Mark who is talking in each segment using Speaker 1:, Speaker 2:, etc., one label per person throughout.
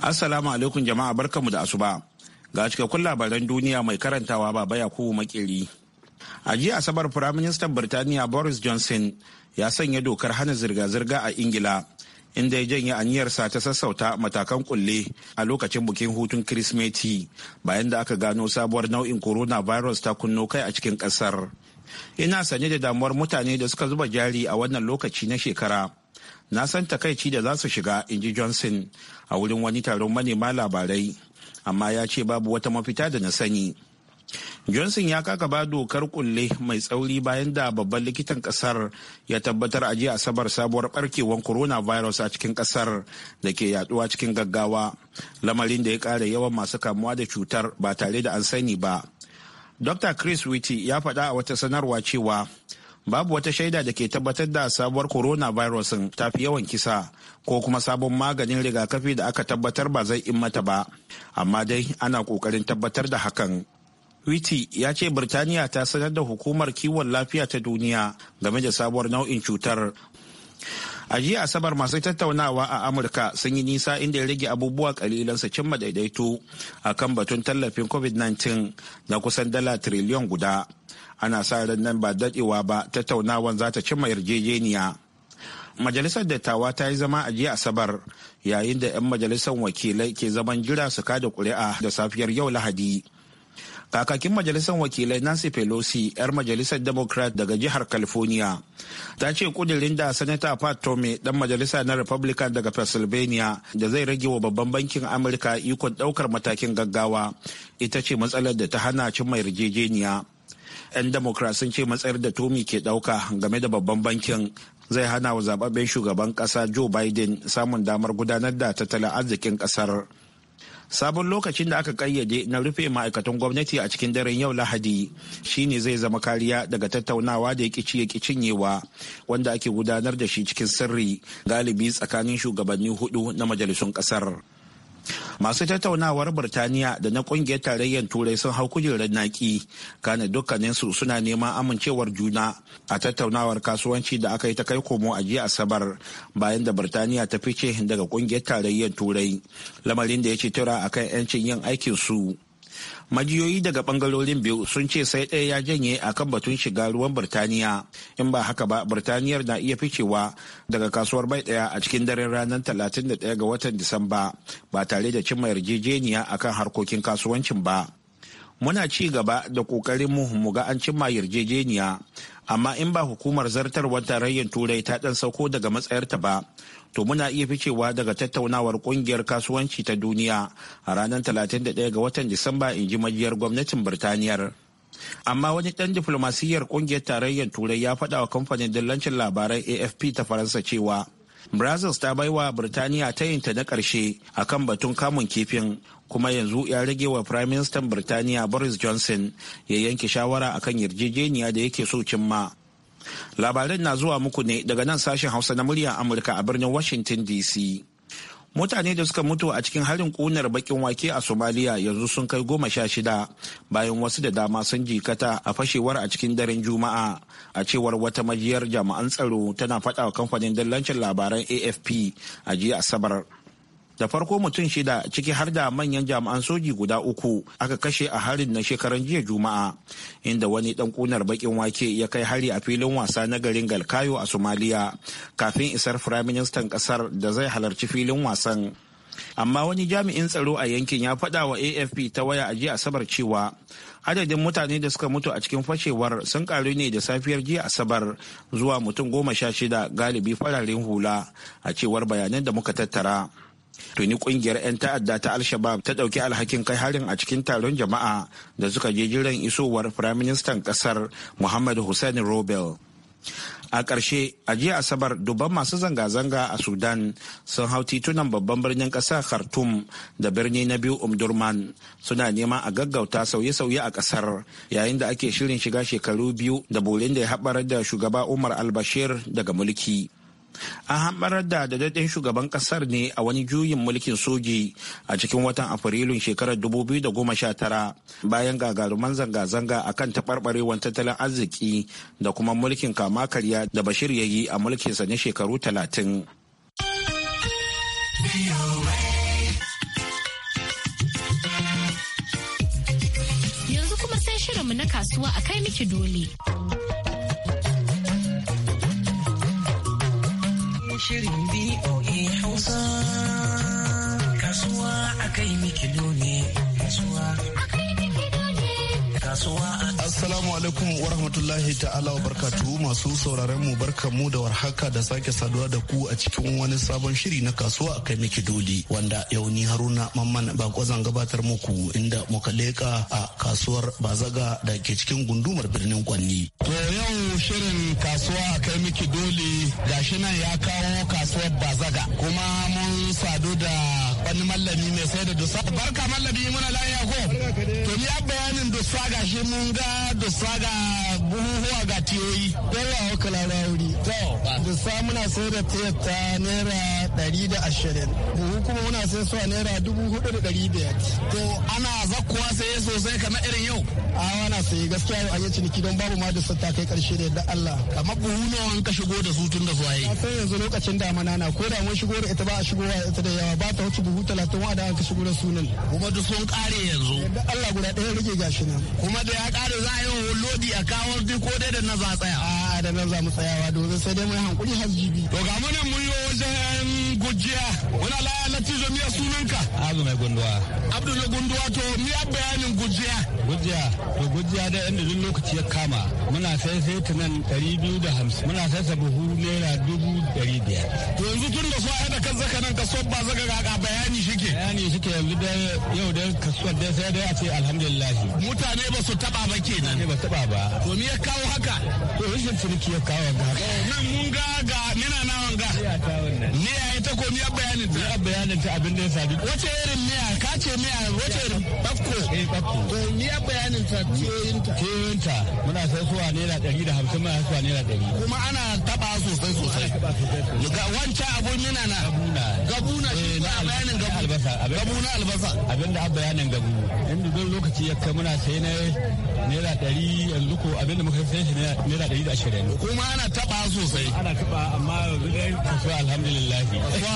Speaker 1: Assalamu alaikum jama'a barkamu da asuba. Ga cikakkun labaran duniya mai karantawa baba Yakubu Makeri. A jiya Asabar Firaministan Birtaniya Boris Johnson ya sanya dokar hana zirga-zirga a Ingila, inda ya janye aniyarsa ta sassauta matakan kulle a lokacin bukin hutun Kirsimeti bayan da aka gano sabuwar nau'in Corona Virus ta kunno kai a cikin kasar. Ina sanye da damuwar mutane da suka zuba jari a wannan lokaci na shekara na san takaici da za su shiga in ji johnson a wurin wani taron manema labarai amma ya ce babu wata mafita da na sani johnson ya ba dokar kulle mai tsauri bayan da babban likitan kasar ya tabbatar a jiya asabar sabuwar barkewar coronavirus a cikin kasar da ke yaduwa cikin gaggawa lamarin da ya kara yawan masu kamuwa da cutar ba tare da an sani ba dr chris witty ya faɗa a wata sanarwa cewa babu wata shaida da ke tabbatar da sabuwar corona virus ta fi yawan kisa ko kuma sabon maganin rigakafi da aka tabbatar ba zai in mata ba amma dai ana kokarin tabbatar da hakan witi ya ce birtaniya ta sanar da hukumar kiwon lafiya ta duniya game da sabuwar nau'in cutar a jiya asabar masu tattaunawa a amurka sun yi nisa inda ya rage abubuwa kalilan su cimma daidaito a kan batun tallafin covid-19 na kusan dala tiriliyon guda ana sa ran nan ba dadewa ba tattaunawan za ta cimma yarjejeniya majalisar dattawa ta yi zama a jiya asabar yayin da 'yan majalisar wakilai ke zaman jira su kada kuri'a da safiyar yau lahadi kakakin majalisar wakilai nancy pelosi 'yar majalisar democrat daga jihar california ta ce kudirin da sanata pat tome dan majalisa na republican daga pennsylvania da zai rage wa babban bankin amurka ikon daukar matakin gaggawa ita ce matsalar da ta hana cimma yarjejeniya 'yan democrat sun ce matsayar da tomi ke dauka game da babban bankin zai hana wa zababben shugaban ƙasa joe biden samun damar gudanar da tattalin arzikin ƙasar sabon lokacin da aka kayyade na rufe ma'aikatan gwamnati a cikin daren yau lahadi shine zai zama kariya daga tattaunawa da ya kici ya cinyewa wanda ake gudanar da shi cikin sirri galibi tsakanin shugabanni hudu na majalisun kasar masu tattaunawar birtaniya da na kungiyar tarayyar turai sun hau kujerar naki kana dukkaninsu suna neman amincewar juna a tattaunawar kasuwanci da aka yi ta kai komo a jiya asabar bayan da birtaniya ta fice daga kungiyar tarayyar turai lamarin da ya ci tura akan 'yancin yin aikin su majiyoyi daga bangarorin biyu sun ce sai ɗaya ya janye a kan batun shiga ruwan birtaniya in ba haka ba birtaniyar na iya ficewa daga kasuwar bai ɗaya a cikin daren ranar 31 ga watan disamba ba tare da cimma yarjejeniya akan harkokin kasuwancin ba muna ci gaba da kokarin mu mu ga an cimma yarjejeniya amma in ba hukumar zartarwar tarayyar turai ta ɗan sauko daga matsayarta ba to muna iya ficewa daga tattaunawar kungiyar kasuwanci ta duniya a ranar 31 ga watan disamba in ji majiyar gwamnatin birtaniyar amma wani ɗan diflomasiyyar kungiyar tarayyar turai ya faɗa wa kamfanin dillancin labaran afp ta faransa cewa brazil ta baiwa birtaniya tayinta na ƙarshe kan batun kamun kifin kuma yanzu ya rage wa prime minister birtaniya boris johnson ya yanke shawara akan yarjejeniya da yake so cimma labaran na zuwa muku ne daga nan sashen hausa na murya amurka a birnin washington dc mutane da suka mutu a cikin harin ƙunar bakin wake a somaliya yanzu sun kai goma sha shida bayan wasu da dama sun jikata a fashewar a cikin daren juma'a a cewar wata majiyar jami'an tsaro tana faɗa wa kamfanin dallancin labaran afp a jiya asabar da farko mutum shida ciki har da manyan jami'an soji guda uku aka kashe a harin na shekaran jiya juma'a inda wani dan kunar bakin wake ya kai hari a filin wasa na garin galkayo a somaliya kafin isar firaministan kasar da zai halarci filin wasan amma wani jami'in tsaro a yankin ya faɗa wa afp ta waya a jiya asabar cewa adadin mutane da suka mutu a cikin fashewar sun karu ne da safiyar jiya asabar zuwa mutum goma sha shida galibi fararen hula a cewar bayanan da muka tattara tuni kungiyar 'yan ta'adda ta alshabab ta ɗauki alhakin kai harin a cikin taron jama'a da suka je jiran isowar firaministan kasar muhammad hussein robel a ƙarshe a jiya asabar dubban masu zanga-zanga a sudan sun hau titunan babban birnin ƙasa khartoum da birni na biyu umdurman suna neman a gaggauta sauye-sauye a ƙasar yayin da ake shirin shiga shekaru biyu da bolin da ya haɓar da shugaba umar albashir daga mulki an hambarar da dadaden shugaban kasar ne a wani juyin mulkin soji a cikin watan afrilun shekarar 2019 bayan gagaruman zanga-zanga a kan taɓarɓarewar tattalin arziki da kuma mulkin kama karya da bashir ya yi a mulkinsa na shekaru 30
Speaker 2: Yanzu kuma sai shirinmu na kasuwa a kai miki dole.
Speaker 3: shirin BOA Hausa.
Speaker 4: Kasuwa a kai mikido ne. Kasuwa
Speaker 5: Assalamu alaikum wa rahmatullahi ta'ala wa barkatu masu sauraron mu barkamu da warhaka da sake saduwa da ku a cikin wani sabon shiri na kasuwa a kai miki doli wanda yau ni Haruna Mamman bako zan gabatar muku inda muka leka a kasuwar Bazaga da ke cikin gundumar birnin Kwanni.
Speaker 4: shirin kasuwa a kai
Speaker 5: miki dole gashi nan ya kawo kasuwar bazaga kuma mun sadu da wani mallami mai sai da dusa barka mallami muna lafiya ko to ni bayanin dusa ga shi mun ga dusa ga buhuhuwa ga tiyoyi dole a wakala wuri to dusa muna sai da tiyar ta naira ɗari da ashirin buhu kuma muna sai suwa naira dubu hudu da ɗari biyar to ana zakkuwa sai sosai kamar irin yau a wana sai gaskiya yau an yi ciniki don babu ma dusa ta kai karshe da yadda Allah kamar buhu nawa an ka shigo da su tun da zuwa yi sai yanzu lokacin damana na ko da mun shigo da ita ba a shigowa ita da yawa ba ta wuce dubu talatin wa da aka shigo da sunan kuma duk sun kare yanzu yadda Allah guda ɗaya rage gashi nan kuma da ya kare za a yi wa lodi a kawo duk ko dai da na za tsaya a da nan za mu tsayawa domin sai dai mu yi hankuri har jibi to ga munan mun yi wajen gujiya wani alaya latizo miya sunanka abu mai gunduwa abdu mai gunduwa to miya bayanin gujiya gujiya to gujiya da inda duk lokaci ya kama muna sai sai ta nan ɗari biyu da hamsin muna sai sa buhu naira
Speaker 1: dubu ɗari biyar
Speaker 5: to yanzu tun da so a yadda kan zaka nan ka so ba zaka ga bayan bayani shike bayani shike yanzu da yau da kasuwar da sai dai a ce alhamdulillah mutane ba su taba ba kenan ne ba taba ba to me ya kawo haka to rashin ciniki ya kawo ga eh, nan mun ga ga nina nawan ga ne ya ta ko ya bayanin ta bayanin ta abin da ya sabi wace irin ka ce mai a wajen bakko ko eh, bakko ni a bayanin ta tiyoyinta tiyoyinta muna sai suwa naira 150 muna suwa naira 100 kuma ana taba sosai sosai ga wancan abun yana na gabuna shi eh, ba bayanin gabu albasa gabuna albasa abinda a bayanin gabu inda zai lokaci ya kai muna sai na naira 100 yanzu ko abin da muka sai shi naira ashirin kuma ana taba sosai ana taba amma yanzu dai alhamdulillah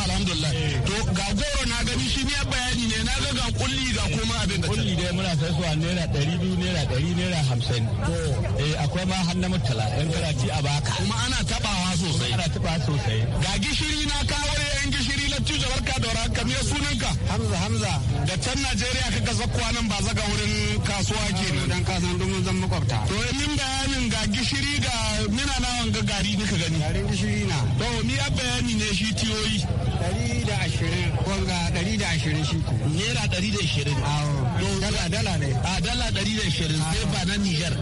Speaker 5: alhamdulillah eh. to ga goro na gani shi ne bayani ne na kaga ga kulli ga kuma abin da kulli dai muna sai suwa naira ɗari biyu naira ɗari naira hamsin eh akwai ma har na mutala yan karati a baka kuma ana tabawa sosai ana tabawa sosai ga gishiri na kawo yan gishiri na tuja barka da warhaka me sunanka hamza hamza da can najeriya kaga zakkuwa nan ba zaga wurin kasuwa ke nan dan ka san domin zan makwabta to min bayanin ga gishiri ga muna nawan ga gari nika gani garin gishiri na to ni a bayani ne shi tiyoyi 120 wanga ishirin shi ko. Naira ɗari da ishirin. Dala dala ne. A dala ɗari da ishirin sai ba na Nijar.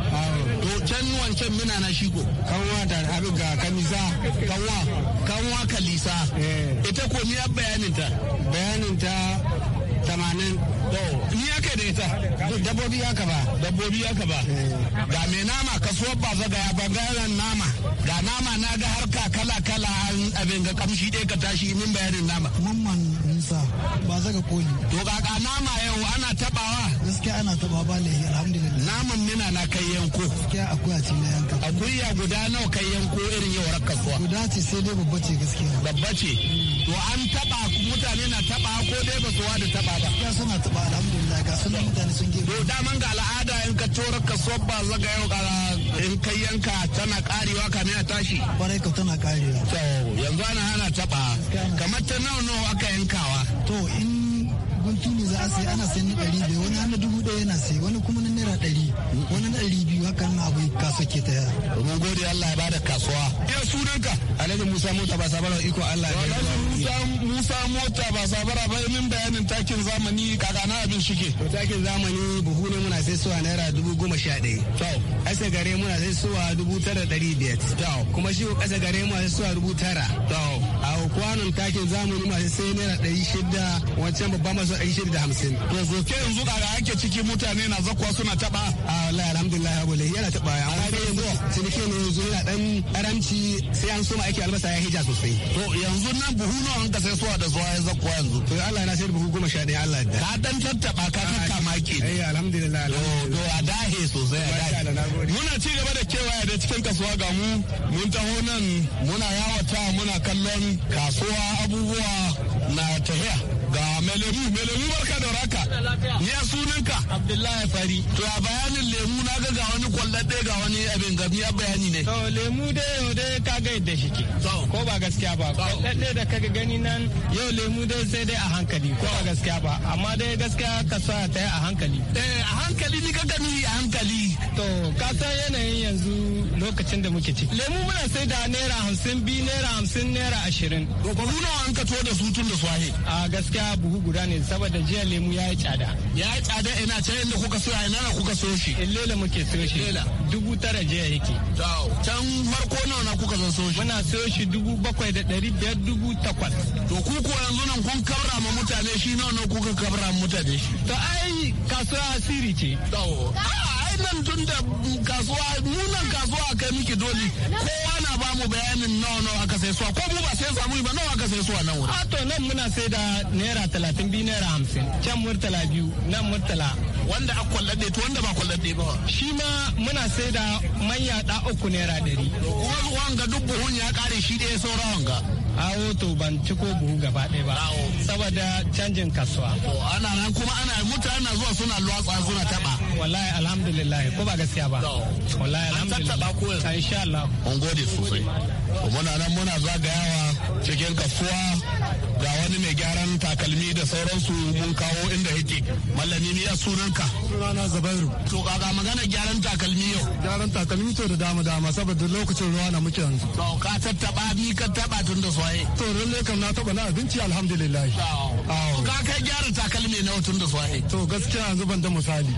Speaker 5: To can wancan muna na shi ko. Kanwa da abin ga kamisa. Kanwa. Kanwa kalisa. Eh. Ita ko ni bayanin ta. Bayanin ta tamanin ni aka da ita dabbobi aka ba dabbobi aka ba eh. ga mai nama kasuwar baza ga bangaren nama ga nama na ga harka kala kala an abin ga kamshi ɗaya ka tashi min bayanin nama ba zaga koli to ga nama yau ana tabawa gaskiya ana taba ba ne alhamdulillah naman nina na kai yanko gaskiya akuya ce na yanka akuya guda nawa kai yanko irin yau rakkasuwa guda ce sai dai babba ce gaskiya babba ce mm. to an taba mutane na taba ko dai ba su wada taba ba gaskiya suna taba alhamdulillah ga sun mutane sun gebe to daman ga al'ada in ka to rakkasuwa ba zaga yau in kai yanka tana karewa kamin a tashi kwarai ka tana karewa to yanzu ana hana taba kamar ta nawa nawa aka yankawa to in gunki ne za a sai ana sayan na ɗari bai wani na dubu ɗaya yana sai wani kuma na naira ɗari wani na ɗari biyu haka na abu kasuwa ke ta yara. mun gode Allah ya bada kasuwa. ya sunanka. alhaji musa mota ba sabara iko Allah ya bada. alhaji musa mota ba sabara ba min bayanin takin zamani kaka na abin shike. to takin zamani buhu ne muna sai suwa naira dubu goma sha ɗaya. tau. ƙasa gare muna sai suwa dubu tara ɗari biyar. tau. kuma shi ƙasa gare muna sai suwa dubu tara. a kwanon takin zamani masu sai naira ɗari shida wancan babba masu ɗari shida da hamsin. to so ke yanzu da ake ciki mutane na zakwa suna taɓa. Allah alhamdulillah ya bole yana taɓa ya. amma dai yanzu ciniki ne yanzu yana ɗan karamci sai an soma aiki albasa ya hija sosai. to yanzu nan buhu nawa an ka suwa da zuwa ya zakwa yanzu. to Allah na sai buhu goma sha ɗaya Allah da. ka ɗan tattaɓa ka tattama ke. eh alhamdulillah. to a dahe sosai
Speaker 6: a dahe.
Speaker 5: muna ci gaba da kewaya da cikin kasuwa ga mu mun taho nan muna yawata muna kallon kasuwa abubuwa na tafiya. melemu lemu lemu barka da raka ya sunanka abdullahi fari to a bayanin lemu na ga ga wani kwallon ɗaya ga wani abin gabi ya bayani ne to lemu da yau da ka ga yadda shi ke ko ba gaskiya ba kwallon ɗaya da kaga gani nan yau lemu da sai dai a hankali ko ba gaskiya ba amma dai gaskiya ka sa ta a hankali eh a hankali ni ka gani a hankali to ka san yanayin yanzu lokacin da muke ciki lemu muna sai da naira hamsin bi naira hamsin naira ashirin to ba nuna an ka to da su tun da su a gaskiya buhu guda ne saboda jiya lemu ya yi tsada. Ya yi tsada ina can inda kuka so ina na kuka so shi. Illela muke so shi. lela Dubu tara jiya yake. Can farko nawa na kuka so shi. Muna so shi dubu bakwai da ɗari biyar dubu takwas. To ku ko yanzu nan kun kabra ma mutane shi nawa na kuka kabra mutane shi. To ai kasuwa asiri ce. Tsawo. wannan tun da kasuwa munan kasuwa a kai miki doli kowa na ba mu bayanin nawa nawa aka sai suwa ko mu ba sai samu ba nawa aka sai suwa nan wuri. to nan muna sai da naira talatin biyu naira hamsin can murtala biyu nan murtala. wanda a kwallaɗe to wanda ba kwallaɗe ba. shi ma muna sai da manya da uku naira ɗari. wanga duk buhun ya kare shi da ya saura wanga. awo to ban ci ko buhu gaba ɗaya ba saboda canjin kasuwa. ana nan kuma ana mutane na zuwa suna luwatsa suna taɓa. wallahi alhamdulillah ko ba gaskiya ba wallahi alhamdulillah ko ah, insha Allah on gode sosai muna nan muna zagayawa cikin kasuwa ga wani mai gyaran takalmi da sauransu mun kawo inda yake mallami ni ya sunanka sunana zabairu to kaga magana gyaran takalmi yau gyaran takalmi to da dama dama saboda lokacin ruwa na muke yanzu to ka tattaba ni ka taba tun da soye to rulle kam na taba na abinci alhamdulillah ka kai gyara takalmi na tun da soye to gaskiya yanzu ban da misali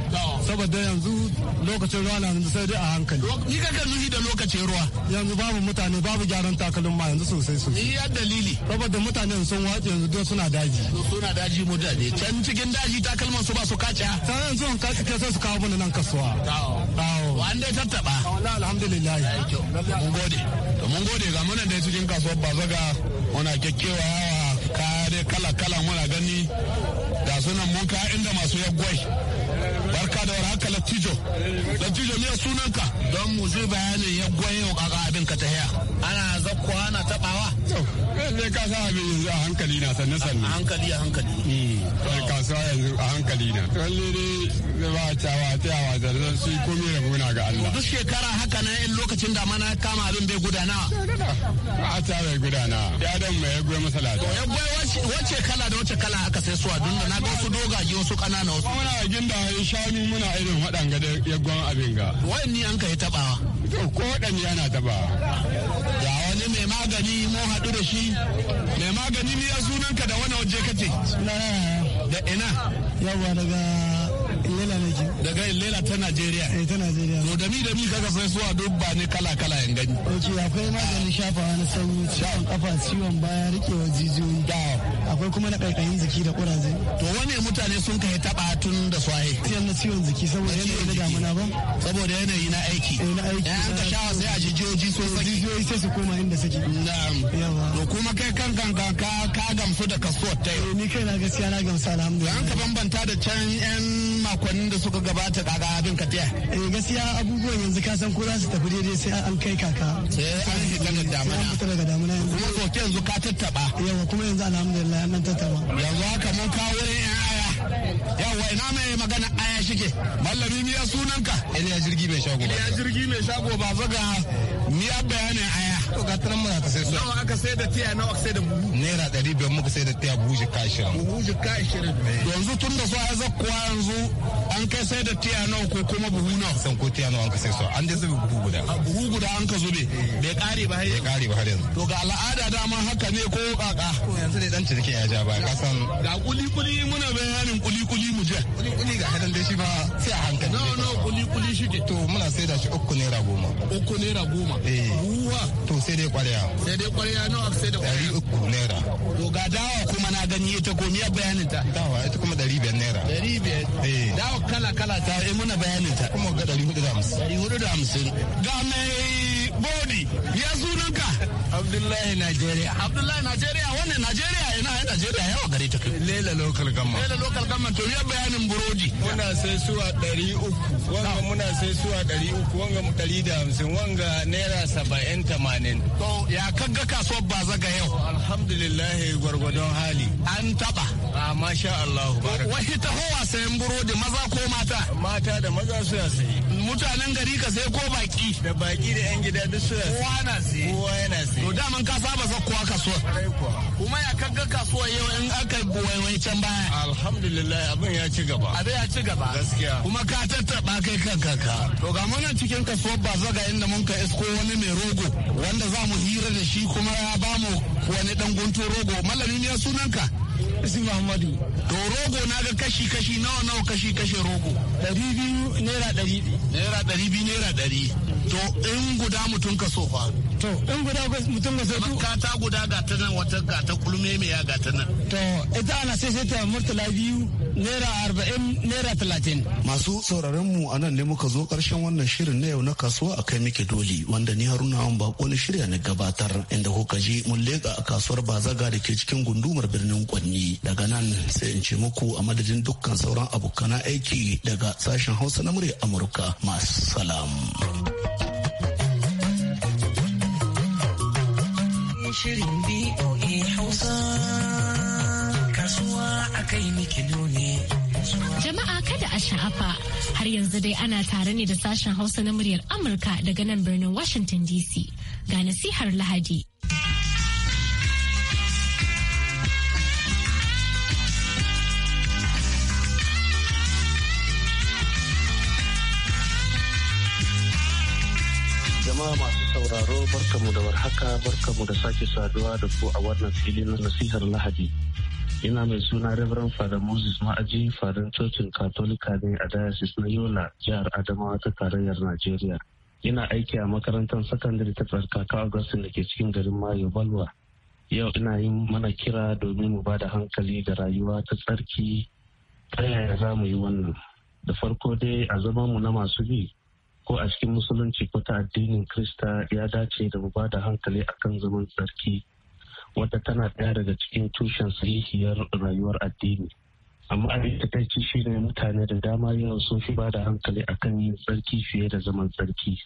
Speaker 5: saboda yanzu lokacin ruwa na yanzu sai dai a hankali ni ka kan nuhi da lokacin ruwa yanzu babu mutane babu gyaran takalin ma yanzu sosai sosai ni ya dalili saboda mutane sun wace yanzu don suna daji suna daji mu daji can cikin daji takalman su ba su kaca ta yanzu an kaci ke sai su kawo mana nan kasuwa tawo an dai tattaba wallahi alhamdulillah mun gode mun gode ga munan dai cikin kasuwar zaga muna kekkewa kaya dai kala-kala muna gani da sunan mun kaya inda masu yaggwai barka da haka Latijo. Latijo ne sunanka? Don mu zai bayanin ya goye wa kaka abin ka ta haya. Ana zakko ana tabawa. To, eh, ne ka sa abin yanzu a hankali na sannan sannan. A hankali a hankali. Hmm. kasuwa yanzu a hankali na ne zai ba a cawa a taya wasa da zan su yi komai da muna ga Allah. Duk shekara haka na yin lokacin da mana kama abin bai gudana.
Speaker 4: a cawa ya gudana
Speaker 5: ya dan mai ya masa lada. Ya wace kala da wace kala aka sai suwa dun da na ga wasu dogaye wasu ƙanana wasu. Muna gin da shanu muna irin waɗanga da yaggon abin ga. ni an ka yi taɓawa. Ko waɗanda yana taɓawa. Ya wani mai magani mun haɗu da shi. Mai magani ne ya sunanka da wani waje kake. Sunana da ina yawa daga lela nake daga lela ta najeriya eh ta najeriya to da mi da mi kaga sai suwa duk ba ne kala kala yan gani ok akwai maganin shafawa na sanyi ciwon kafa ciwon baya rikewa jijiyoyi da akwai kuma na kaikayin jiki da kuraje to wane mutane sun kai taɓa tun da swaye sai na ciwon jiki saboda yanayi na damuna ba saboda yanayi na aiki eh, na aiki an ka shawa sai a jijiyoyi so saki jijiyoyi sai su koma inda saki na'am to kuma kai kan kan ka ka gamsu da kaso ta yi eh, ni kai na gaskiya na gamsu alhamdulillah an ka bambanta da can yan makonnin da suka gabata kaga abin ka taya eh gaskiya abubuwan yanzu ka san ko za su tafi daidai sai an kai kaka sai an hita da damuna kuma ko yanzu ka tattaba yawa kuma yanzu alhamdulillah na nan yanzu haka mun kawo wurin yan aya yawa ina mai magana aya shike mallami miya sunanka iliya jirgi mai shago iliya jirgi mai shago ba zaga miya bayanin aya to ga tran mu ta sai su nawa aka sai da tiya nawa aka sai da buhu naira 500 muka sai da tiya buhu jikka 20 buhu jikka 20 eh. yanzu tun da su a zakkuwa yanzu an kai sai da tiya nawa ko kuma buhu nawa san ko tiya nawa an ka sai su an dai zubi buhu guda buhu guda an ka zube eh. bai kare ba har yanzu bai kare ba har yanzu to ga al'ada dama haka ne ko kaka ko
Speaker 7: yanzu dai dan cirke ya ja ba kasan
Speaker 5: ga kuli kuli muna bayani yin kuli kuli mu je kuli kuli ga hadan dai shi ba sai a hankali no no kuli kuli shi ke to muna sai da shi uku naira goma uku naira goma eh uwa to sai dai kwarya sai dai kwarya a sai da kwarya uku naira to ga dawa kuma na gani ita ko miya bayanin ta dawa ita kuma dari biyar naira dari biyar eh dawa kala kala ta eh muna bayanin ta kuma ga dari hudu da hamsin dari hudu da hamsin ga mai bodi ya sunanka Abdullahi Najeriya. Abdullahi Najeriya wannan Najeriya yana yi Najeriya yawa gare ta kai. Lela local gama. Lela local gamma to ya bayanin burodi. Muna sai suwa ɗari uku. Wanga muna sai suwa ɗari uku wanga ɗari da hamsin wanga naira saba'in tamanin. To ya kaga kasuwar baza ga yau. Alhamdulillah gwargwadon hali. An taɓa. A masha Allah. Wahi hawa sayan burodi maza ko mata? Mata da maza su ya sayi. mutanen gari ka sai ko baki da baki da yan gida duk su kowa na sai kowa yana sai to da mun ka saba zakkuwa kasuwa kuma ya kaga kasuwa yau in aka wai can baya alhamdulillah abin ya ci gaba abin ya ci gaba gaskiya kuma ka tattaba kai kanka ka to ga muna cikin kasuwar bazaga inda mun ka isko wani mai rogo wanda za mu hira da shi kuma ya bamu wani dan guntun rogo malami ne sunanka Isi Muhammadu. To rogo na ga kashi-kashi nawa nawa kashi-kashi rogo. Dari biyu naira ɗari naira ɗari biyu naira ɗari to in guda mutum ka so fa to in guda mutum ka so ka ta guda ga ta nan wata ga ta kulme mai ya ga ta nan to ita ana sai sai ta murtala biyu naira arba'in naira talatin. Masu sauraron mu a nan ne muka zo karshen wannan shirin na yau na kasuwa a kai muke doli wanda ni haruna an bako ni shirya na gabatar inda kuka ji mun leƙa a kasuwar bazaga da ke cikin gundumar birnin Kwanni. Daga nan sai in ce muku a madadin dukkan sauran abokan aiki daga sashen Hausa na murya Amurka masu salam. Shirin BOA Hausa kasuwa a
Speaker 8: kai
Speaker 2: sha'afa har yanzu dai ana tare ne da sashen hausa na muryar amurka daga nan birnin washington dc ga nasihar lahadi
Speaker 6: jama'a masu sauraro barkamu da warhaka barkamu da sake saduwa da ku a wannan filin nasihar lahadi ina mai suna Reverend Father Moses Ma'aji fadan cocin Katolika ne a Diocese na Yola jihar Adamawa ta tarayyar Najeriya. Ina aiki a makarantar sakandare ta tsarkaka Augustin da ke cikin garin Mayo Balwa. Yau ina yi mana kira domin mu bada hankali ga rayuwa ta tsarki ta yaya za mu yi wannan. Da farko dai a zaman mu na masu bi ko a cikin musulunci ko ta addinin Krista ya dace da mu ba da hankali akan zaman tsarki wata tana ɗaya daga cikin tushen sahihiyar rayuwar addini amma abin yi ta shi ne mutane da dama yau sun fi ba da hankali akan yin tsarki fiye da zaman tsarki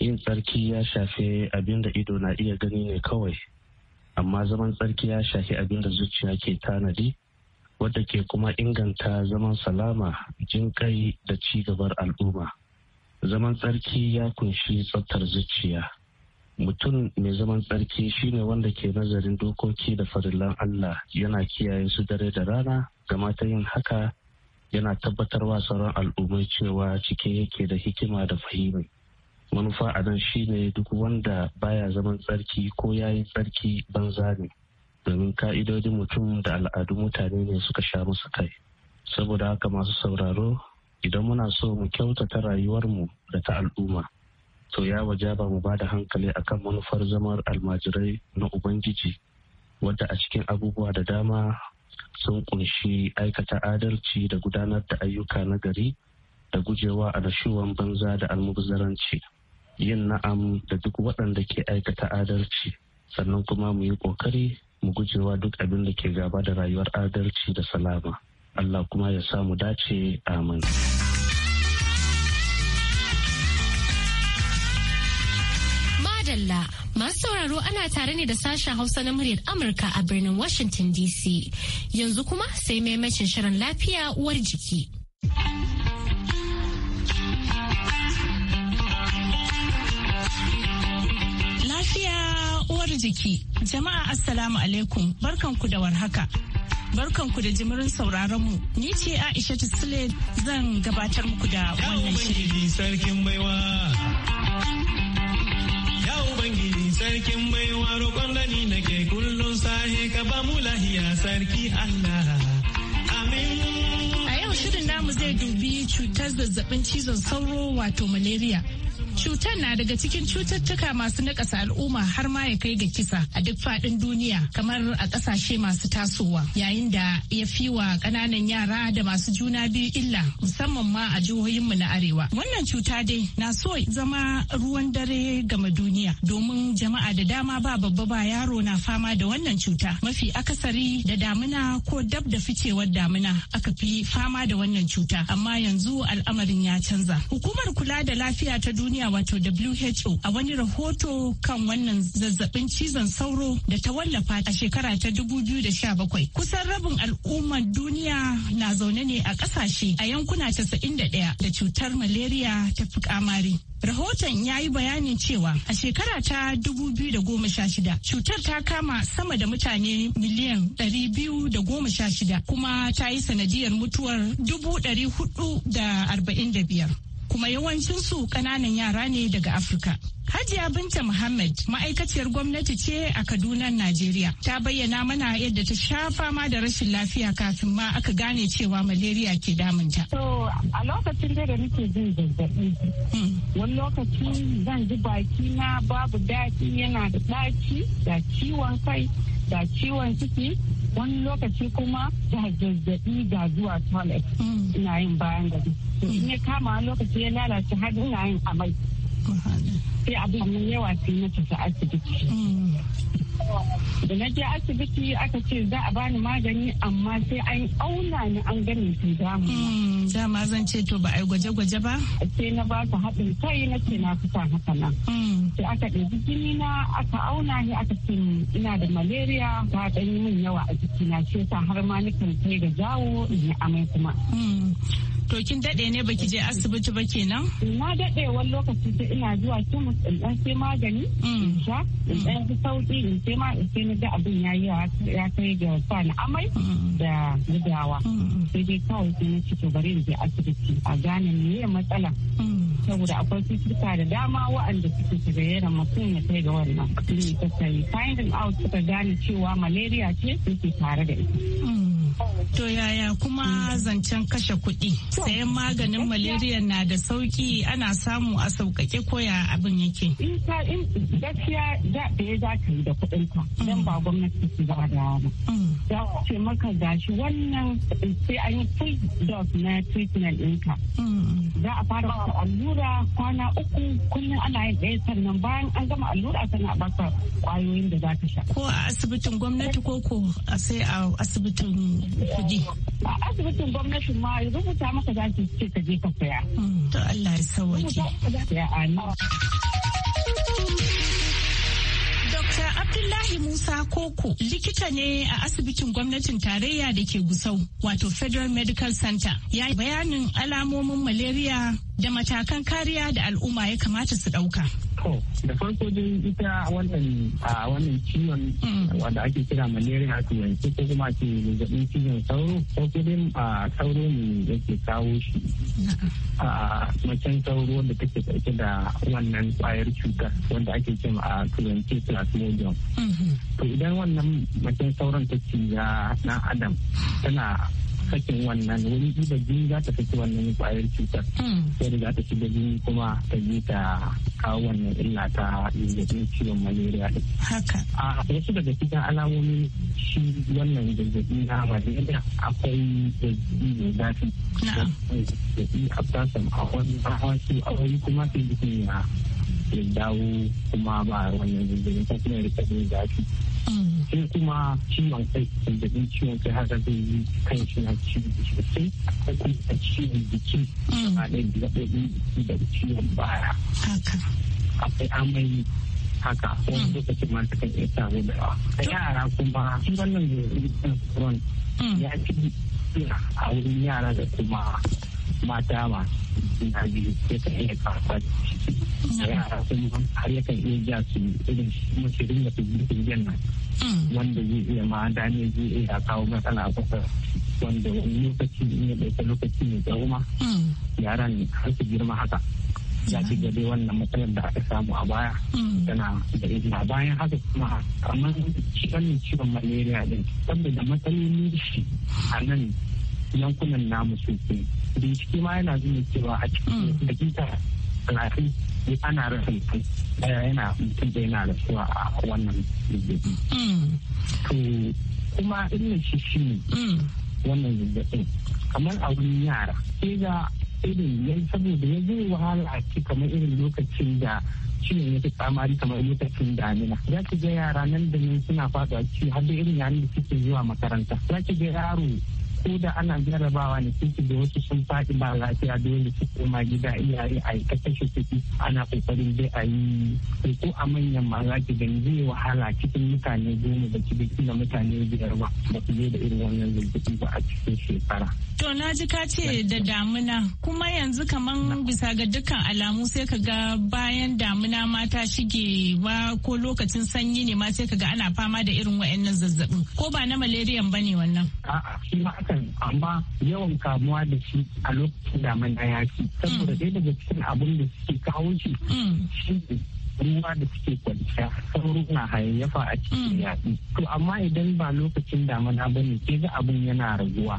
Speaker 6: yin tsarki ya shafi abin da ido na iya gani ne kawai amma zaman tsarki ya shafi abin da zuciya ke tanadi wadda ke kuma inganta zaman salama jin kai da ci gabar al'umma zaman tsarki ya kunshi tsaftar zuciya mutum mai zaman tsarki shine wanda ke nazarin dokoki da farillan Allah yana kiyaye su dare da rana gama ta yin haka yana tabbatar tabbatarwa sauran al'ummai cewa cike yake da hikima da fahimi manufa a nan shine duk wanda baya zaman tsarki ko yayi tsarki banza ne domin ka'idodin mutum da al'adu mutane ne suka sha musu kai saboda haka masu sauraro idan muna so mu kyautata rayuwarmu da ta al'umma to ya wajaba mu ba da hankali akan manufar zamar almajirai na ubangiji wadda a cikin abubuwa da dama sun kunshi aikata adalci da gudanar da ayyuka na gari da gujewa a rashuwan banza da almubazaranci yin na'am da duk waɗanda ke aikata adalci sannan kuma mu yi ƙoƙari mu gujewa duk abin da ke gaba da rayuwar adalci da salama allah kuma ya samu dace amin.
Speaker 2: madalla masu sauraro ana tare ne da sashen hausa na muryar amurka a birnin washington dc yanzu kuma sai maimacin shirin lafiya uwar jiki lafiya uwar
Speaker 7: jiki jama'a assalamu alaikum barkanku da warhaka barkanku da jimirin sauraron mu ni ce aisha sule zan gabatar muku da wannan
Speaker 4: shirin
Speaker 5: Ubangiji sarkin baiwa roƙon da na nake kullum sahe ka ba mu lahiya sarki Allah.
Speaker 7: Amin. A yau shirin namu zai dubi cutar zazzabin cizon sauro wato malaria Cutar na daga cikin cututtuka masu nakasa al'umma har ma ya kai ga kisa a duk faɗin duniya kamar a ƙasashe masu tasowa yayin da ya fi wa ƙananan yara da masu juna biyu illa musamman ma a jihohin mu na arewa. Wannan cuta dai na so zama ruwan dare gama duniya domin jama'a da dama ba babba ba yaro na fama da wannan cuta mafi akasari da damina ko dab da ficewar damina aka fi fama da wannan cuta amma yanzu al'amarin ya canza. Hukumar kula da lafiya ta duniya wato WHO a wani rahoto kan wannan zazzabin cizon sauro da ta wallafa a shekara ta 2017. Kusan rabin al'ummar duniya na zaune ne a ƙasashe a yankuna 91 da cutar malaria ta fi kamari. Rahoton ya yi bayanin cewa a shekara ta 2016 cutar ta kama sama da mutane miliyan 216 kuma ta yi sanadiyar mutuwar 445. kuma yawancin su kananan yara ne daga Afirka. Hajiya Binta Muhammad ma'aikaciyar gwamnati ce a Kaduna, Najeriya. Ta bayyana mana yadda ta sha fama da rashin lafiya kafin ma aka
Speaker 8: gane cewa malaria ke damunta.
Speaker 7: So a
Speaker 8: lokacin dai da nake jin zazzaɓi, hmm. wani lokaci zan ji baki na babu daɗi yana da ɗaci da ciwon kai da ciwon ciki wani lokaci kuma da zazzabi ga zuwa toilet mm. ina yin bayan gari in ya kama lokaci ya lalace har ina yin amai sai abin yawa sai na tafi asibiti da na je asibiti aka ce za a bani magani amma sai an auna ni an gani su dama. Hmm, dama zan ce to ba a yi gwaje-gwaje ba? sai na ba su haɗin kai na ce na fita haka nan. Hmm. sai aka ɗauki jini na aka auna ni aka ce ina da malaria ta ɗan yi min yawa a jikina sai ta har ma nikan kai da jawo in yi amai kuma. Hmm.
Speaker 7: To kin daɗe ne baki je asibiti ba kenan?
Speaker 8: Na daɗe wani lokaci sai ina zuwa kemis in ɗan sai magani in mm. sha in ɗan fi sauƙi in sai ma in sai na abin ya yi ya kai ga sa na amai mm. da gudawa. Mm. Sai dai kawai sai na ci to bari in je asibiti a gane me ya matsala. saboda akwai cututtuka da dama waɗanda suke tagayyara mutum ya kai ga wannan. Ni ta sai finding out suka gane cewa malaria ce suke tare da ita.
Speaker 7: To yaya kuma zancen kashe kuɗi? Sayan maganin malaria na da sauki ana
Speaker 8: samu a sauƙaƙe koya abin yake. In gaskiya da ɗaya za ka yi da kuɗinka mm. don ba gwamnati su ba da yawa. Mm. Za ce maka gashi wannan sai an yi full dose na treatment ɗinka.
Speaker 4: Mm.
Speaker 8: Za a fara ba allura kwana uku kullum ana yin ɗaya sannan bayan an gama allura sannan a baka ƙwayoyin da za ka sha. Ko a asibitin gwamnati ko ko sai a asibitin A asibitin gwamnatin ma rubuta maka za ki ce ka saya. To Allah ya
Speaker 7: Dr. Abdullahi Musa Koko likita ne a asibitin gwamnatin tarayya da ke Gusau wato Federal Medical Center ya bayanin alamomin malaria da matakan kariya da al'umma ya kamata su ɗauka.
Speaker 3: da farko dai ita wannan a wannan ciwon mm. wanda ake kira malaria a turanci ko kuma ke zazzabin cizon sauro ko kudin a sauro ne yake kawo shi a macen sauro wanda take dauke da wannan kwayar cutar wanda ake cin a turanci plasmodium mm-hmm. to idan wannan macen sauron ta ciza na adam tana sakin wannan wani ibar jini za ta saki wannan kwayar cutar hmm. sai da za ta shiga jini kuma ta je ta kawo wannan illa ta zazzabin ciwon malaria din a wasu daga cikin alamomin shi wannan zazzabi na malaria akwai zazzabi mai zafi zazzabi a sasan a wani a wani kuma sai jikin ya dawo kuma ba wannan zazzabi ta kuma rikadin zafi hmm. sai kuma ciwon kai zazzabin ciwon kai haka zai yi kan shi na ciwon Sai ko kuma ciwon jiki a ɗaya zazzabin jiki da ciwon baya akwai amai haka wani mm. lokacin ma kan iya samu da yawa a yara kuma shi wannan zazzabin ciwon mm. ya fi a wurin yara da kuma mata ma sun biyu ya kan iya kafa mm. yara sun har ya kan iya ja su irin musu ringa su jirgin nan mm. wanda zai iya ma dane zai iya kawo matsala a kusa wanda wani lokaci ne ita lokaci mai tsawo kuma mm. yaran har su girma haka ya ci gabe wannan matsalar da aka samu a baya tana da izina bayan haka kuma kamar ciwon ciwon malaria din saboda matsaloli shi a nan yankunan namu sosai bincike ma yana zuwa cewa a cikin mm. dakika ya ana rasa mutum yana mutum da yana rasuwa a wannan zazzabi mm. to kuma irin shi shi ne mm. wannan zazzabin kamar a wurin yara sai ga irin yan saboda ya zai wahala a ciki kamar irin lokacin da ciwon yake tsamari kamar lokacin damina za ki ga yara nan da nan suna fada a ci har da irin yaran da suke zuwa makaranta za ki ga yaro ko da ana jarabawa ne cikin da wasu sun faɗi ba lafiya dole su koma gida iyaye a ta kashe kuɗi ana kokarin dai a yi ko a manyan ma za ki gani zai wahala cikin mutane goma da ki da mutane biyar ba ba su je da irin wannan zazzabi ba a cikin shekara.
Speaker 7: To na ji ka ce da damuna kuma yanzu kaman bisa ga dukkan alamu sai ka ga bayan damuna ma ta shige ba ko lokacin sanyi ne ma sai ka ga ana fama da irin wa'annan zazzabin ko ba na malaria ba ne wannan. A'a shi ma aka cutan
Speaker 3: amma yawan kamuwa da shi a lokacin damana ya saboda mm. dai daga cikin abin da suke kawo shi mm. shi ruwa da suke kwanciya sauro na hayayyafa a cikin mm. yaɗi. To amma idan ba lokacin damana ba ne ke ga abin yana raguwa.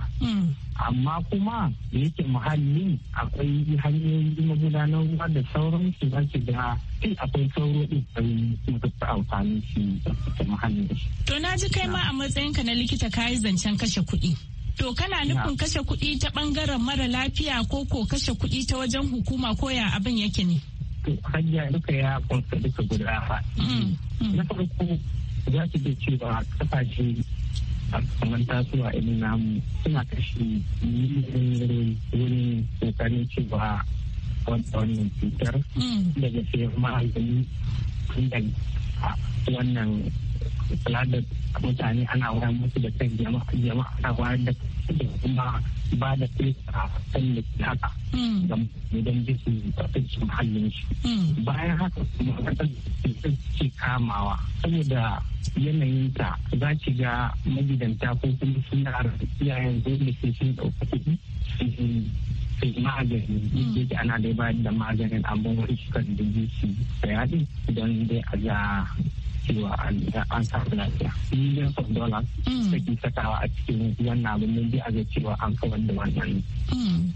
Speaker 3: Amma kuma da yake muhallin akwai hanyoyi magudanar ruwa da sauransu za su ga sai akwai sauro ɗin mutum amfani shi da
Speaker 7: muhallin. To na ji kai ma a matsayinka na likita kayi zancen kashe kuɗi. To kana nufin kashe kuɗi ta ɓangaren mara lafiya ko ko kashe kuɗi ta wajen hukuma ko ya abin yake ne?
Speaker 3: To hanya duka ya kunsa duka guda ba.
Speaker 4: Mm,
Speaker 7: mm. Na farko
Speaker 3: za ki ce cewa A kamar tasowa irin namu suna kashe miliyan wurin kokarin cewa wanda wannan cutar mm. daga sai ma'azini tun daga wannan kula da mutane ana wayar musu da kan jama'a jama'a wayar da kuma ba da fesa a kan da haka hmm. idan ji su tsaftace muhallin shi hmm. bayan haka kuma kasar ke kamawa saboda yanayin ta za ki ga magidanta ko kuma suna iyayen dole sai sun ɗauka kuɗi ce magani duk mm. da ana dai bayar da maganin amma wani sukan dubu su bayani don dai a ga cewa an samu lafiya millions of dollars mm. take sakawa a cikin wannan abin mun bi a ga cewa an kawar da wannan
Speaker 7: mm.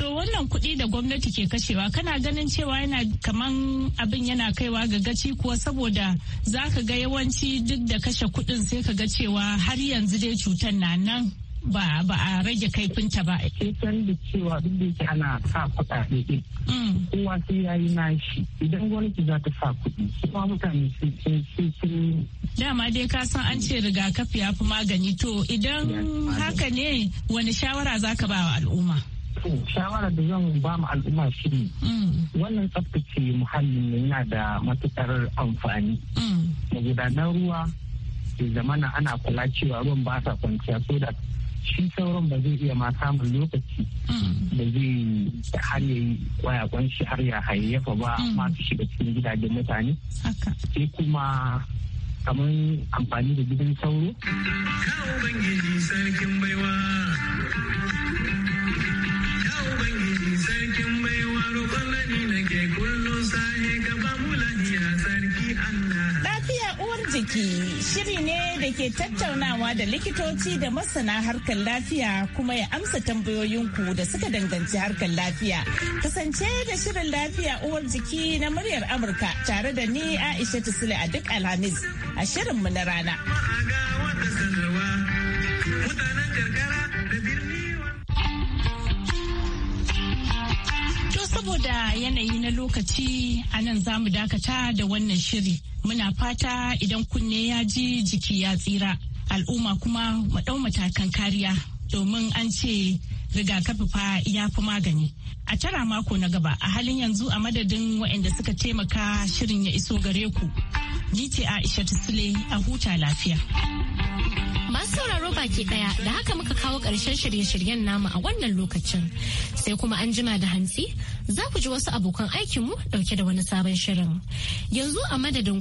Speaker 7: To wannan kuɗi da gwamnati ke kashewa kana ganin cewa yana kaman abin yana kaiwa ga gaci kuwa saboda za ka ga yawanci duk da kashe kuɗin sai ka ga cewa har yanzu dai cutar na nan ba ba a rage kaifinta ba. Ke san da cewa duk da yake ana
Speaker 3: sa kuɗaɗe ɗin. Mm. Kowa sai ya yi nashi idan gwamnati za ta sa kuɗi kuma mutane sai
Speaker 7: sun. Dama dai ka san an ce rigakafi ya fi magani to idan haka ne wani shawara za ka ba wa al'umma?
Speaker 3: to shawara da zan ba mu al'umma shi ne mm. wannan tsaftace muhallin ne yana da matukar amfani mm. magudanar ruwa zamana ana kula cewa ruwan ba sa kwanciya so da shi sauran ba zai iya ma samun lokaci da zai har yayi kwayakwan shi har ya hayayyafa ba mm. Ma su shiga cikin gidajen mutane sai kuma kamar amfani da gidan sauro.
Speaker 4: sarkin baiwa.
Speaker 7: shiri ne da ke tattaunawa da likitoci da masana harkar lafiya kuma ya amsa tambayoyinku da suka danganci harkar lafiya. Kasance da shirin lafiya uwar jiki na muryar Amurka tare da ni Aisha Tusile a duk Alhamis a shirinmu na rana. saboda yanayi na lokaci a nan za mu dakata da wannan shiri muna fata idan kunne ya ji jiki ya tsira al'umma kuma mu matakan kariya domin an ce rigakafi fa ya fi magani a tara mako na gaba a halin yanzu a madadin waɗanda suka taimaka shirin ya iso gare ku ni ce aisha sule a huta lafiya
Speaker 2: masu sauraro baki daya da haka muka kawo ƙarshen shirye-shiryen namu a wannan lokacin sai kuma an jima da hantsi za ku ji wasu abokan aikinmu ɗauke da wani sabon shirin yanzu a madadin